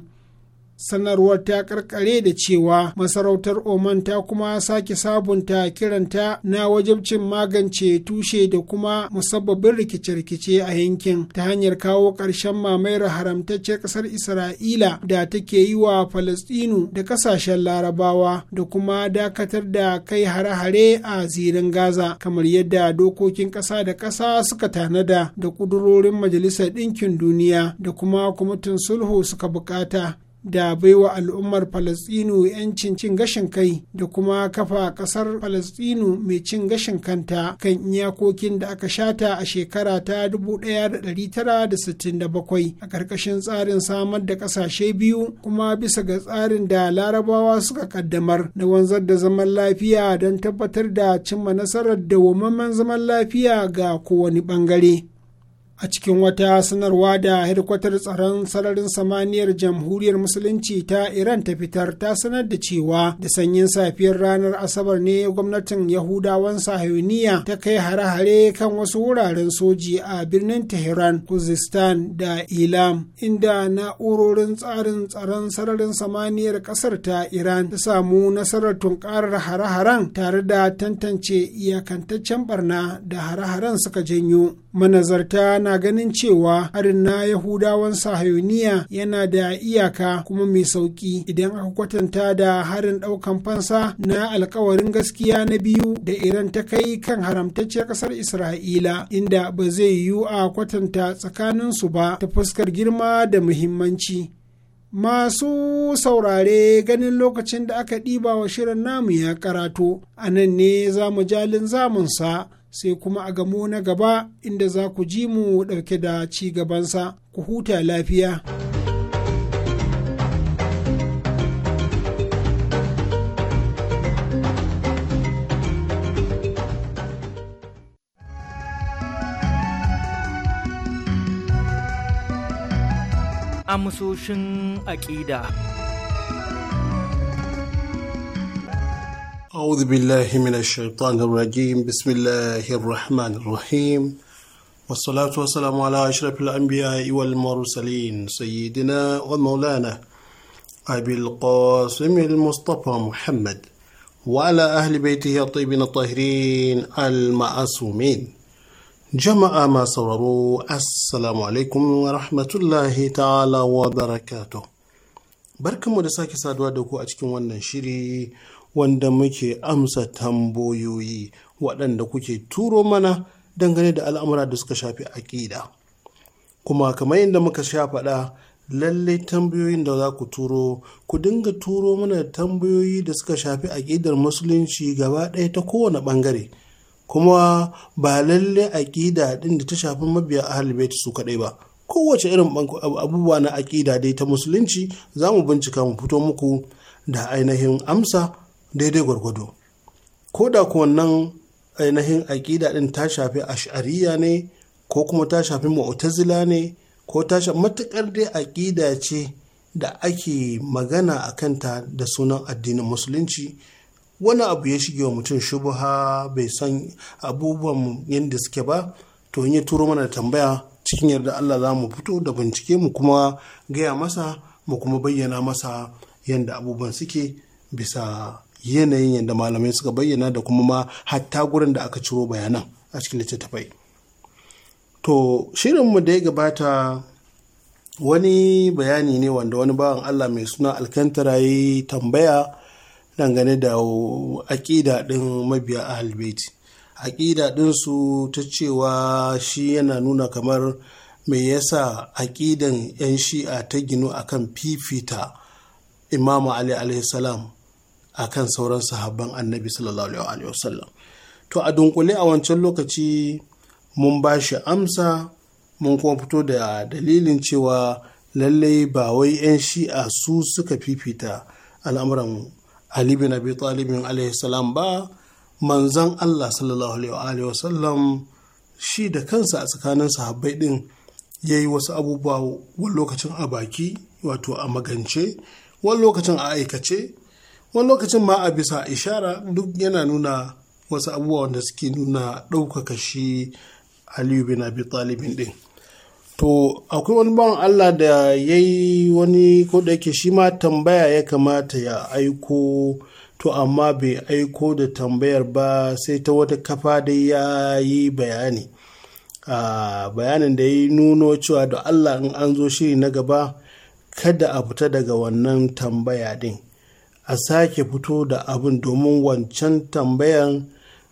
sanarwar ta karkare da cewa masarautar oman ta kuma sake sabunta kiranta na wajibcin magance tushe da kuma musabbabin rikice-rikice a yankin ta hanyar kawo ƙarshen mamayar haramtacce ƙasar isra'ila da take yi wa falastinu da ƙasashen larabawa da kuma dakatar da kai hare-hare a zirin gaza kamar yadda dokokin ƙasa da ƙasa suka tanada da ƙudurorin majalisar ɗinkin duniya da kuma kwamitin sulhu suka bukata da baiwa al'ummar Falasɗinu 'yancin cin gashin kai da kuma kafa ƙasar Falasɗinu mai cin gashin kanta kan iyakokin da aka shata a shekara ta 1967 a ƙarƙashin tsarin samar da ƙasashe biyu kuma bisa ga tsarin da larabawa suka ƙaddamar na wanzar da zaman lafiya don tabbatar da cimma nasarar dawwammamen zaman lafiya ga kowane ɓangare. a cikin wata sanarwa da hedkwatar tsaron sararin samaniyar jamhuriyar musulunci ta iran ta fitar ta sanar da cewa da sanyin safiyar ranar asabar ne gwamnatin yahudawan sahiyoniya ta kai hare-hare kan wasu wuraren soji a birnin tehran kuzistan da ilam inda na'urorin tsarin tsaron sararin samaniyar kasar ta iran ta samu nasarar tunkarar hare-haren tare da tantance iyakantaccen barna da hare-haren suka janyo manazarta Ana ganin cewa harin na yahudawan sahayoniya yana da iyaka kuma mai sauki idan aka kwatanta da harin ɗaukan fansa na alkawarin gaskiya na biyu da iran ta kai kan haramtacciyar ƙasar isra'ila inda ba zai yiwu a kwatanta tsakaninsu ba ta fuskar girma da muhimmanci Masu saurare ganin lokacin da aka ɗiba wa shirin namu ya karato, a nan ne zamu mu jalin zamunsa sai kuma a gamo na gaba inda za ku ji mu ɗauke da ci gabansa ku huta lafiya. amsoshin aƙida. أعوذ بالله من الشيطان الرجيم بسم الله الرحمن الرحيم والصلاة والسلام على أشرف الأنبياء والمرسلين سيدنا ومولانا أبي القاسم المصطفى محمد وعلى أهل بيته الطيبين الطاهرين المعصومين جمع ما صوروا السلام عليكم ورحمة الله تعالى وبركاته بركم ودساك سادوا دوكو أجكم وننشري wanda muke amsa tambayoyi waɗanda kuke turo mana dangane da al'amura da suka shafi aƙida kuma kamar yadda muka sha faɗa lalle tambayoyin da za ku turo ku dinga turo mana tambayoyi da suka shafi aƙidar musulunci gaba ɗaya ta kowane ɓangare kuma ba lalle aƙida ɗin da ta shafi mabiya ahal su kaɗai ba kowace irin abubuwa na aƙida dai ta musulunci za mu bincika mu fito muku da ainihin amsa daidai gwargwado ko da ku wannan ainihin aƙida ɗin ta shafi ash'ariya ne ko kuma ta shafi mu'tazila ne ko ta shafi matuƙar dai aƙida ce da ake magana a kanta da sunan addinin musulunci wani abu ya shige wa mutum shubuha bai san abubuwan yadda suke ba to in ya turo mana da tambaya cikin yarda Allah za mu fito da bincike mu kuma gaya masa mu kuma bayyana masa yadda abubuwan suke bisa yanayin yadda malamai suka bayyana da kuma ma hatta gurin da aka ciro bayanan a cikin littattafai to shirinmu da ya gabata wani bayani ne wanda wani bawan allah mai suna alkantara yi tambaya dangane da aƙida ɗin mabiya A halbeti aƙida ɗinsu ta cewa shi yana nuna kamar mai yasa aƙidan 'yan shi'a ta ginu akan fifita imamu ali alaihi salam a kan sauran sahabban annabi sallallahu alaihi wasallam to a dunkule a wancan lokaci mun ba shi amsa mun kuma fito da dalilin cewa lallai ba wai 'yan shi'a su suka fifita al'amuran ali bin abi talibin alaihi salam ba manzan allah sallallahu alaihi wasallam shi da kansa a tsakanin sahabbai din ya yi wasu abubuwa wani lokacin a baki wato a magance wani lokacin a aikace wani lokacin ma a bisa ishara duk yana nuna wasu abubuwa wanda suke nuna ɗaukaka shi aliyu bin abi talibin ɗin to akwai wani bawan allah da ya yi wani ko da yake shi ma tambaya ya kamata ya aiko to amma bai aiko da tambayar ba sai ta wata kafa dai ya yi bayani a bayanin da ya nuno cewa da allah in an zo shiri na gaba kada a fita daga wannan tambaya din a sake fito da abin domin wancan tambayan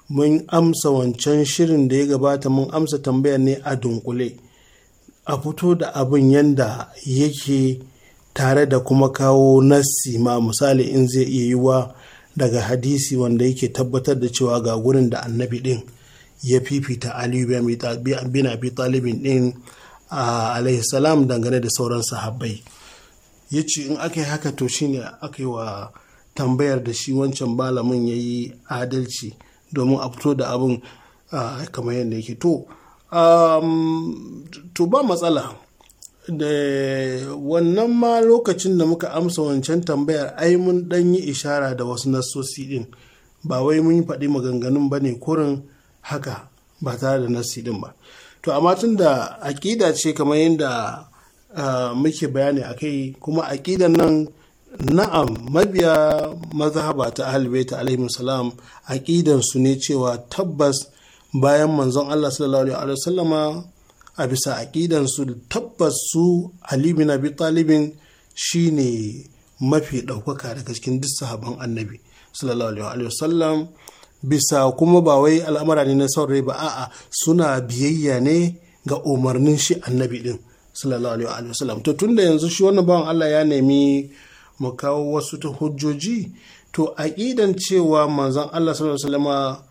mun amsa wancan shirin da ya gabata mun amsa tambayan ne a dunkule a fito da abin yanda yake tare da kuma kawo nassi ma misali in zai iya yiwa daga hadisi wanda yake tabbatar da cewa ga gurin da annabi din ya fifita aliyu bin abi talibin din alaihi salam dangane da sauran sahabbai ya ce in aka yi haka to shine aka yi wa tambayar da shi wancan malamin ya yi adalci domin a fito da abin kamar yadda yake to to ba matsala da wannan ma lokacin da muka amsa wancan tambayar ai mun dan yi ishara da wasu nasosi din ba wai mun faɗi maganganun ba ne kurin haka ba tare da nasi din ba to amma tun da akida ce kamar yadda muke bayani a kai kuma akidan nan na'am mabiya mazhaba ta ta alaihi salam aqidan su ne cewa tabbas bayan manzon Allah sallallahu alaihi a bisa aqidan su tabbas su Ali bin Abi Talibin shine mafi ɗaukaka daga cikin duk sahaban annabi sallallahu alaihi sallam bisa kuma ba wai al'amara ne na saurayi ba a'a suna biyayya ne ga umarnin shi annabi din sallallahu alaihi sallam to tunda yanzu shi wannan bawan Allah ya nemi mu kawo wasu ta hujjoji to aƙidan cewa manzon Allah sallallahu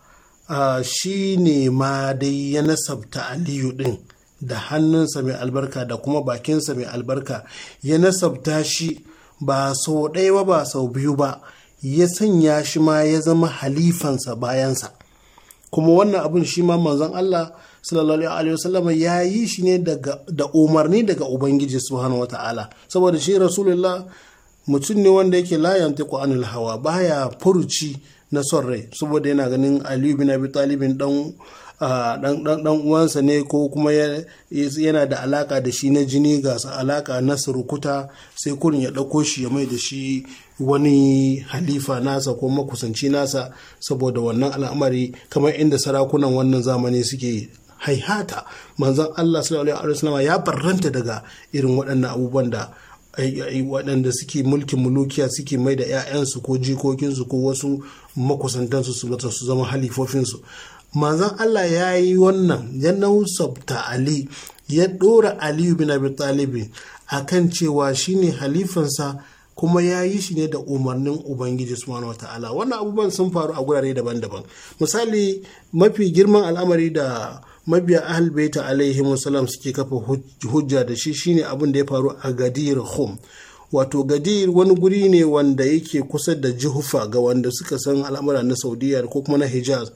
shi ne ma dai ya nasabta aliyu din da hannunsa mai albarka da kuma bakinsa mai albarka ya nasabta shi ba sau ɗaya ba sau biyu ba ya sanya shi ma ya zama halifansa bayansa kuma wannan abin shi ma manzon Allah sallallahu alaihi wasallam ya yi shi ne da umarni daga ubangiji subhanahu wataala saboda shi rasulullah mutum ne wanda yake layan teku anil hawa baya furuci na son rai saboda yana ganin aliyu bin abi talibin dan dan uwansa ne ko kuma yana da alaka da shi na jini ga alaka na surukuta sai kurin ya ɗauko shi ya mai da shi wani halifa nasa ko makusanci nasa saboda wannan al'amari kamar inda sarakunan wannan zamani suke haihata manzon Allah sallallahu alaihi wasallam ya barranta daga irin waɗannan abubuwan da waɗanda suke mulkin mulukiya suke mai da 'ya'yansu ko jikokinsu ko wasu makusantansu su su zama halifofinsu manzon Allah ya yi wannan ya nausabta Ali ya ɗora Aliyu bin Abi Talibi a kan cewa shi shine halifansa kuma ya yi shi ne da umarnin Ubangiji Subhanahu wata'ala wannan abubuwan sun faru a gurare daban-daban misali mafi girman al'amari da mabiya ahal baita alaihi musallam suke kafa hujja da shi shine abin da ya faru a gadir hum wato gadir wani guri ne wanda yake kusa da juhufa ga wanda suka san al'amura na saudiya ko kuma na hijaz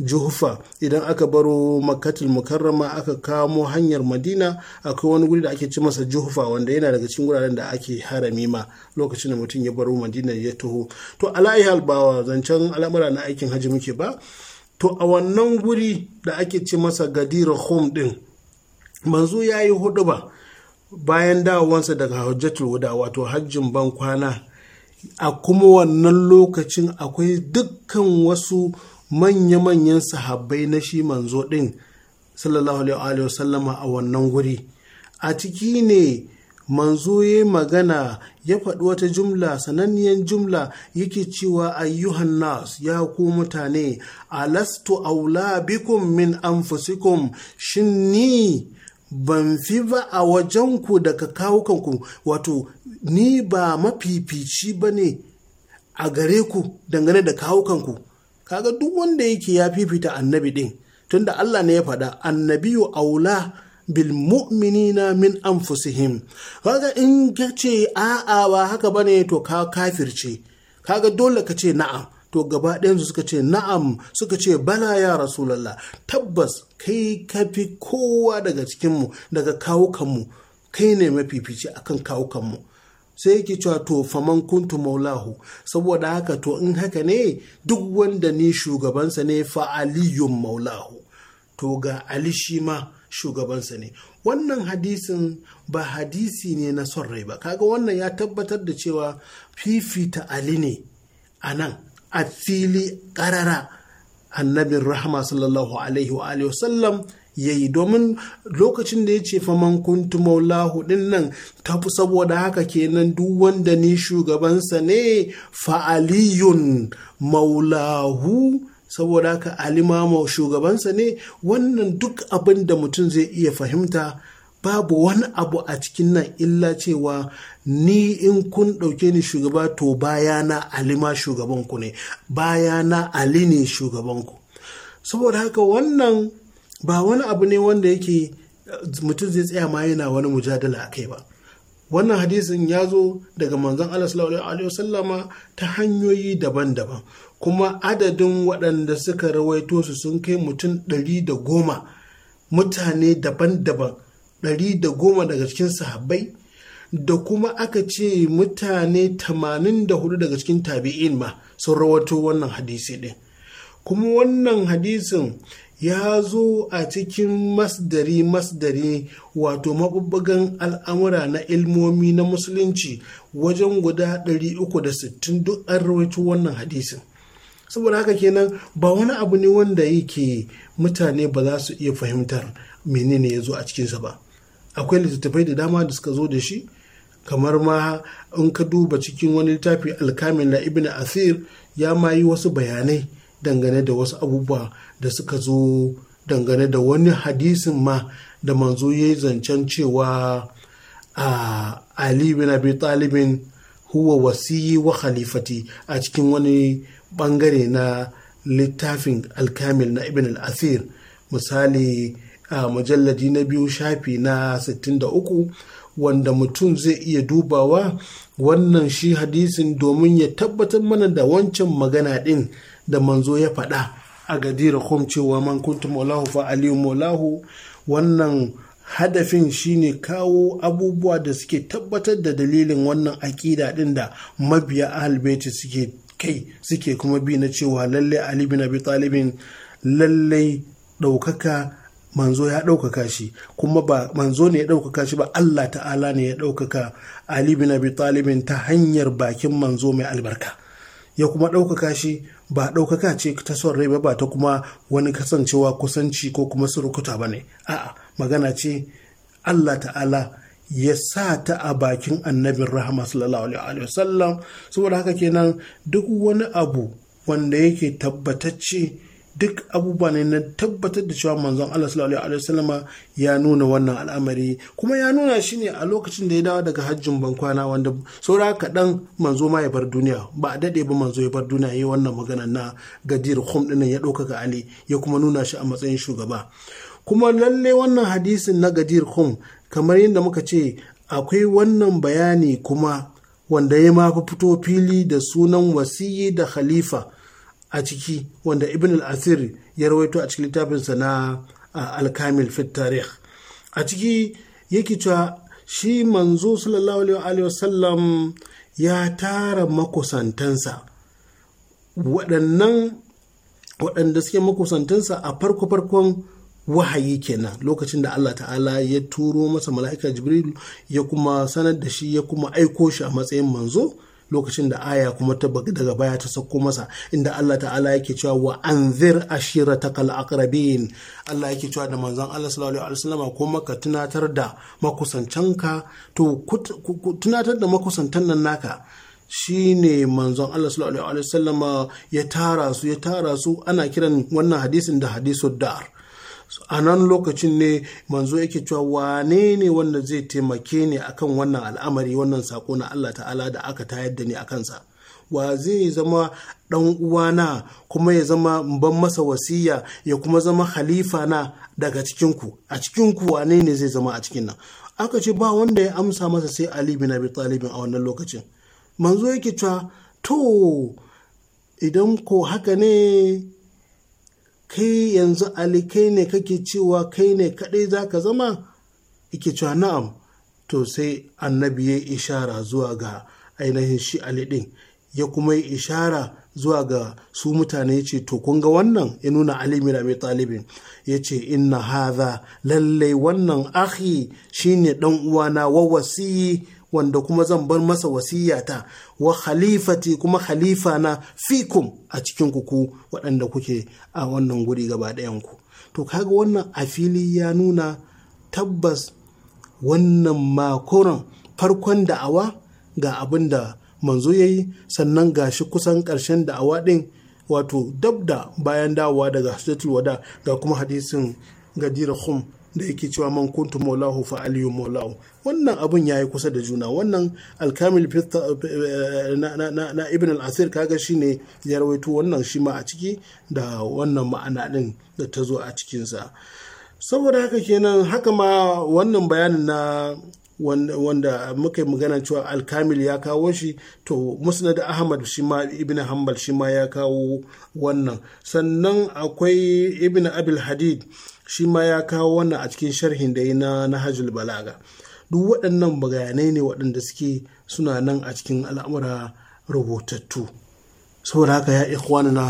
juhufa idan aka baro makatul mukarrama aka kamo hanyar madina akwai wani guri da ake ci masa juhufa wanda yana daga cikin wuraren da ake harami ma lokacin da mutum ya baro madina ya taho to ala'ihal ba zancen al'amura na aikin hajji muke ba to a wannan guri da ake ci masa gadira home din manzo ya yi ba bayan dawowansa daga hajjatul wuda wato hajjin ban kwana a kuma wannan lokacin akwai dukkan wasu manya-manyan sahabbai na shi manzo din sallallahu alaihi wasallama a wannan guri a ciki ne manzo ya magana ya faɗi wata jumla sananniyan jumla yake cewa ayyuhan nas ya ku mutane alastu aula bikum min anfusikum shin ni ban fi ba a wajenku daga kawukanku wato ni ba mafifici ba ne a gare ku dangane da kawukanku kaga duk wanda yake ya fifita annabi ɗin tunda Allah ne ya faɗa annabiyu aula bil mu'minina min anfusihim kaga in ka ce a'a ba haka bane to ka kafirce kaga dole ka ce na'am to gaba ɗayansu suka ce na'am suka ce bala ya rasulallah tabbas kai ka fi kowa daga cikinmu daga kawukanmu kai ne mafifici akan kawukanmu sai yake cewa to faman kuntu maulahu saboda haka to in haka ne duk wanda ni shugabansa ne fa aliyun maulahu to ga ali shi ma shugabansa ne wannan hadisin ba hadisi ne na son rai ba kaga wannan ya tabbatar da cewa fifita ali ne a nan a fili karara annabin rahama sallallahu alaihi wa alihi wasallam ya yi domin lokacin da ya ce faman kuntu maulahu din nan fi saboda haka kenan duk wanda ni shugabansa ne fa'aliyun maulahu saboda haka alimama shugabansa ne wannan duk abin da mutum zai iya fahimta babu wani abu a cikin nan illa cewa ni in kun ɗauke ni shugaba to baya na alima shugabanku ne bayana ali ne shugabanku saboda haka wannan ba wani abu ne wanda yake eh, mutum zai tsaya ma yana wani mujadala a kai ba wannan hadisin ya zo daga manzon Allah sallallahu alaihi wasallama ta hanyoyi daban-daban kuma adadin waɗanda suka rawaito su sun kai mutum ɗari da goma mutane daban-daban ɗari da goma daga cikin sahabbai da kuma aka ce mutane tamanin da hudu daga cikin tabi'in ma sun rawato wannan hadisi ɗin kuma wannan hadisin ya zo a cikin masdari masdari wato maɓuɓɓugan al'amura na ilmomi na musulunci wajen guda 360 duk an rawaito wannan hadisin saboda haka kenan ba wani abu ne wanda yake mutane ba za su iya fahimtar menene ya zo a cikinsa ba akwai littattafai da dama da suka zo da shi kamar ma in ka duba cikin wani littafi alkamin na ibn asir ya ma yi wasu bayanai dangane da wasu abubuwa da suka zo dangane da wani hadisin ma da manzo ya yi zancen cewa a ali bin abi talibin huwa wasi wa khalifati a cikin wani bangare na littafin alkamil na ibn al-asir misali a mujalladi na biyu shafi na 63 wanda mutum zai iya dubawa wannan shi hadisin domin ya tabbatar mana da wancan magana ɗin da manzo ya faɗa a gadira kom cewa man kuntum fa aliyu wallahu wannan hadafin shine kawo abubuwa da suke tabbatar da dalilin wannan aƙida ɗin da mabiya ahalbeti suke kai suke kuma bi na cewa lallai ali bin abi talibin lallai ɗaukaka manzo ya ɗaukaka shi kuma ba manzo ne ya ɗaukaka shi ba Allah ta'ala ne ya ɗaukaka Ali bin Abi Talibin ta hanyar bakin manzo mai albarka ya kuma ɗaukaka shi ba ɗaukaka ce ta son rai ba ta kuma wani kasancewa kusanci ko kuma surukuta ba ne a'a magana ce Allah ta'ala ya sa ta a bakin annabin rahama sallallahu alaihi wasallam saboda haka kenan duk wani abu wanda yake tabbatacce duk abubuwa ne na tabbatar da cewa manzon Allah sallallahu alaihi wasallama ya nuna wannan al'amari kuma ya nuna shi ne a lokacin da ya dawo daga hajjin bankwana wanda saura kaɗan manzo ma ya bar duniya ba a daɗe ba manzo ya bar duniya yi wannan magana na gadir khum ɗin ya ɗaukaka Ali ya kuma nuna shi a matsayin shugaba kuma lalle wannan hadisin na gadir khum kamar yadda muka ce akwai wannan bayani kuma wanda ya mafi fito fili da sunan wasiyi da khalifa a ciki wanda ibn al-asir ya rawaito a cikin littafinsa na al-kamil fit tarikh a ciki yake cewa shi manzo sallallahu alaihi wasallam ya tara makusantansa waɗannan waɗanda suke makusantansa a farko-farkon wahayi kenan lokacin da Allah ta'ala ya turo masa mala'ika jibril ya kuma sanar da shi ya kuma aiko shi a matsayin manzo lokacin da aya kuma ta daga baya ta sauko masa inda Allah ta'ala yake cewa wa anzir ashiratakal aqrabin Allah yake cewa da manzon Allah sallallahu alaihi wasallama ko maka tunatar da makusantanka to tunatar da makusantan nan naka shine manzon Allah sallallahu alaihi wasallama ya tara su ya tara su ana kiran wannan hadisin da hadisu dar a nan lokacin ne manzo yake cewa wane ne wanda zai taimake ni akan wannan al'amari wannan sako na Allah ta'ala da aka tayar da ni a kansa wa zai zama dan uwana kuma ya zama ban masa wasiya ya kuma zama halifa na daga cikinku a cikinku wane ne zai zama a cikin nan aka ce ba wanda ya amsa masa sai ali bin abi talibin a wannan lokacin manzo yake cewa to idan ko haka ne kai yanzu ali kai ne kake cewa kai ne kadai za ka zama ike cewa na'am to sai annabi ya ishara zuwa ga ainihin shi ali din ya kuma yi ishara zuwa ga su mutane ya ce to kun ga wannan ya nuna ali mai talibin ya ce inna haza lallai wannan ahi shine dan uwana wa wanda kuma zan bar masa wasiyata wa khalifati kuma khalifa na fikum a cikin kuku waɗanda kuke a wannan guri gaba ɗayanku to kaga wannan a fili ya nuna tabbas wannan makoran farkon da'awa ga abin da manzo ya yi sannan ga shi kusan ƙarshen da'awa ɗin wato dab da bayan dawowa daga hajjatul wada ga kuma hadisin gadira khum da yake cewa man kuntu maulahu fa aliyu maulahu wannan abun yayi kusa da juna wannan alkamil eh, eh, na ibn al-asir kaga shine ya rawaito wannan shi ma a ciki da wannan ma'ana din da ta zo a cikinsa saboda haka kenan haka ma wannan bayanin na wanda muka yi magana cewa alkamil ya kawo shi to musnad ahmad shi ma ibn hanbal shi ma ya kawo wannan sannan akwai ibn abil hadid shi ma ya kawo wannan a cikin sharhin da yi na nahajul balaga duk waɗannan bayanai ne waɗanda suke suna nan a cikin al'amura rubutattu saboda haka ya na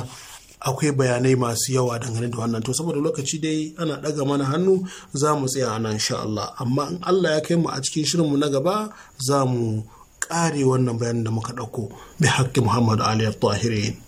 akwai bayanai masu yawa dangane da wannan to saboda lokaci dai ana ɗaga mana hannu za mu tsaya a nan insha Allah amma in Allah ya kai mu a cikin shirinmu na gaba za mu ƙare wannan bayanin da muka ɗauko bi haƙƙi Muhammad Ali Tahirin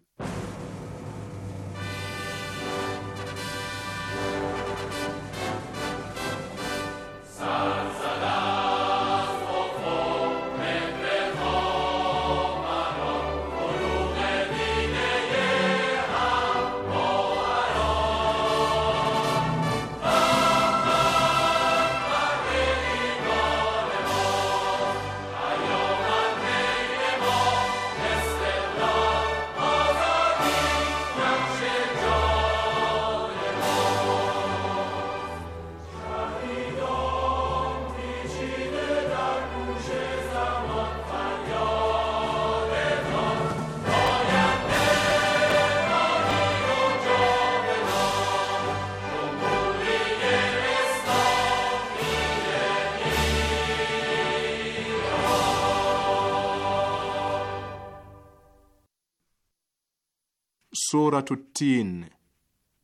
Suratu Tin